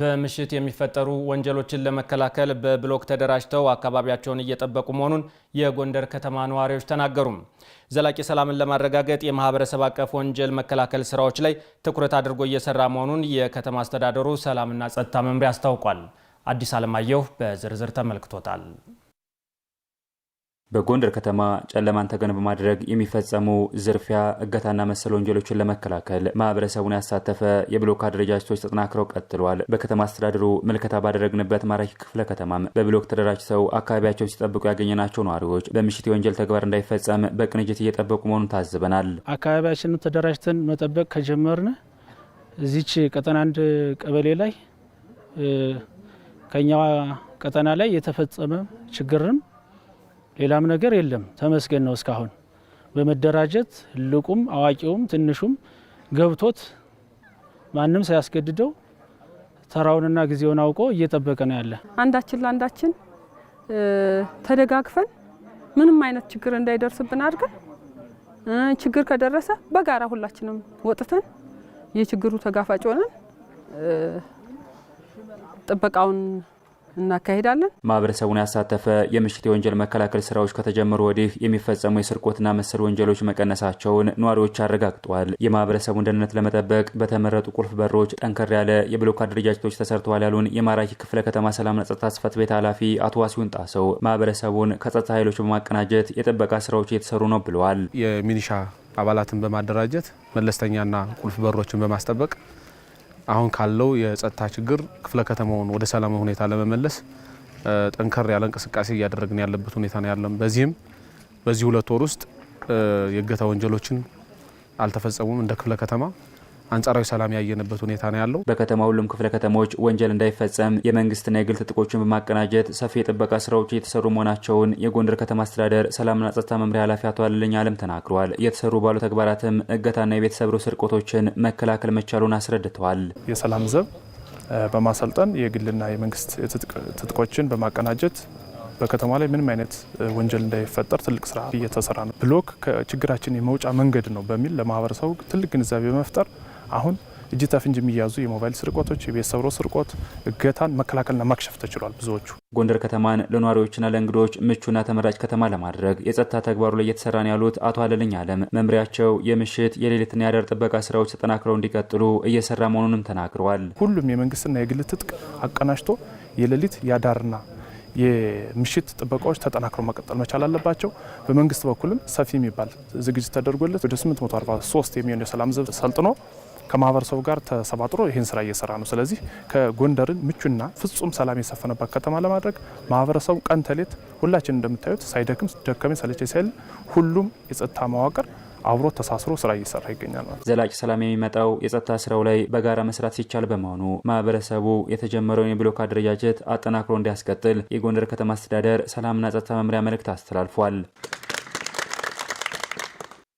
በምሽት የሚፈጠሩ ወንጀሎችን ለመከላከል በብሎክ ተደራጅተው አካባቢያቸውን እየጠበቁ መሆኑን የጎንደር ከተማ ነዋሪዎች ተናገሩ። ዘላቂ ሰላምን ለማረጋገጥ የማህበረሰብ አቀፍ ወንጀል መከላከል ስራዎች ላይ ትኩረት አድርጎ እየሰራ መሆኑን የከተማ አስተዳደሩ ሰላምና ጸጥታ መምሪያ አስታውቋል። አዲስ አለማየሁ በዝርዝር ተመልክቶታል። በጎንደር ከተማ ጨለማን ተገን በማድረግ የሚፈጸሙ ዝርፊያ፣ እገታና መሰል ወንጀሎችን ለመከላከል ማህበረሰቡን ያሳተፈ የብሎክ አደረጃጀቶች ተጠናክረው ቀጥሏል። በከተማ አስተዳደሩ ምልከታ ባደረግንበት ማራኪ ክፍለ ከተማም በብሎክ ተደራጅተው አካባቢያቸው ሲጠብቁ ያገኘናቸው ነዋሪዎች በምሽት የወንጀል ተግባር እንዳይፈጸም በቅንጅት እየጠበቁ መሆኑን ታዝበናል። አካባቢያችንን ተደራጅተን መጠበቅ ከጀመርን እዚች ቀጠና አንድ ቀበሌ ላይ ከኛዋ ቀጠና ላይ የተፈጸመ ችግርም ሌላም ነገር የለም። ተመስገን ነው። እስካሁን በመደራጀት ትልቁም አዋቂውም ትንሹም ገብቶት ማንም ሳያስገድደው ተራውንና ጊዜውን አውቆ እየጠበቀ ነው ያለ። አንዳችን ለአንዳችን ተደጋግፈን ምንም አይነት ችግር እንዳይደርስብን አድርገን ችግር ከደረሰ በጋራ ሁላችንም ወጥተን የችግሩ ተጋፋጭ ሆነን ጥበቃውን እናካሄዳለን። ማህበረሰቡን ያሳተፈ የምሽት የወንጀል መከላከል ስራዎች ከተጀመሩ ወዲህ የሚፈጸሙ የስርቆትና መሰል ወንጀሎች መቀነሳቸውን ነዋሪዎች አረጋግጧል። የማህበረሰቡን ደህንነት ለመጠበቅ በተመረጡ ቁልፍ በሮች ጠንከር ያለ የብሎክ አደረጃጀቶች ተሰርተዋል ያሉን የማራኪ ክፍለ ከተማ ሰላምና ጸጥታ ጽህፈት ቤት ኃላፊ አቶ ዋሲሁን ጣሰው ማህበረሰቡን ከጸጥታ ኃይሎች በማቀናጀት የጥበቃ ስራዎች እየተሰሩ ነው ብለዋል። የሚኒሻ አባላትን በማደራጀት መለስተኛና ቁልፍ በሮችን በማስጠበቅ አሁን ካለው የጸጥታ ችግር ክፍለ ከተማውን ወደ ሰላም ሁኔታ ለመመለስ ጠንከር ያለ እንቅስቃሴ እያደረግን ያለበት ሁኔታ ነው ያለም። በዚህም በዚህ ሁለት ወር ውስጥ የእገታ ወንጀሎችን አልተፈጸሙም እንደ ክፍለ ከተማ አንጻራዊ ሰላም ያየንበት ሁኔታ ነው ያለው። በከተማ ሁሉም ክፍለ ከተሞች ወንጀል እንዳይፈጸም የመንግስትና የግል ትጥቆችን በማቀናጀት ሰፊ የጥበቃ ስራዎች እየተሰሩ መሆናቸውን የጎንደር ከተማ አስተዳደር ሰላምና ጸጥታ መምሪያ ኃላፊ አቶ አለልኝ አለም ተናግረዋል። እየተሰሩ ባሉ ተግባራትም እገታና የቤተሰብ ስርቆቶችን መከላከል መቻሉን አስረድተዋል። የሰላም ዘብ በማሰልጠን የግልና የመንግስት ትጥቆችን በማቀናጀት በከተማ ላይ ምንም አይነት ወንጀል እንዳይፈጠር ትልቅ ስራ እየተሰራ ነው። ብሎክ ከችግራችን የመውጫ መንገድ ነው በሚል ለማህበረሰቡ ትልቅ ግንዛቤ በመፍጠር አሁን እጅ ከፍንጅ የሚያዙ የሞባይል ስርቆቶች፣ የቤት ሰብሮ ስርቆት፣ እገታን መከላከልና ማክሸፍ ተችሏል። ብዙዎቹ ጎንደር ከተማን ለነዋሪዎችና ለእንግዶች ምቹና ተመራጭ ከተማ ለማድረግ የጸጥታ ተግባሩ ላይ እየተሰራ ያሉት አቶ አለልኝ አለም መምሪያቸው የምሽት የሌሊትና የአዳር ጥበቃ ስራዎች ተጠናክረው እንዲቀጥሉ እየሰራ መሆኑንም ተናግረዋል። ሁሉም የመንግስትና የግል ትጥቅ አቀናጅቶ የሌሊት የአዳርና የምሽት ጥበቃዎች ተጠናክረው መቀጠል መቻል አለባቸው። በመንግስት በኩልም ሰፊ የሚባል ዝግጅት ተደርጎለት ወደ 843 የሚሆን የሰላም ዘብ ሰልጥኖ ከማህበረሰቡ ጋር ተሰባጥሮ ይህን ስራ እየሰራ ነው። ስለዚህ ከጎንደርን ምቹና ፍጹም ሰላም የሰፈነባት ከተማ ለማድረግ ማህበረሰቡ ቀን ተሌት ሁላችን እንደምታዩት ሳይደክም ደከመኝ ሰለቸኝ ሳይል ሁሉም የጸጥታ መዋቅር አብሮ ተሳስሮ ስራ እየሰራ ይገኛል። ዘላቂ ሰላም የሚመጣው የጸጥታ ስራው ላይ በጋራ መስራት ሲቻል በመሆኑ ማህበረሰቡ የተጀመረውን የብሎክ አደረጃጀት አጠናክሮ እንዲያስቀጥል የጎንደር ከተማ አስተዳደር ሰላምና ጸጥታ መምሪያ መልእክት አስተላልፏል።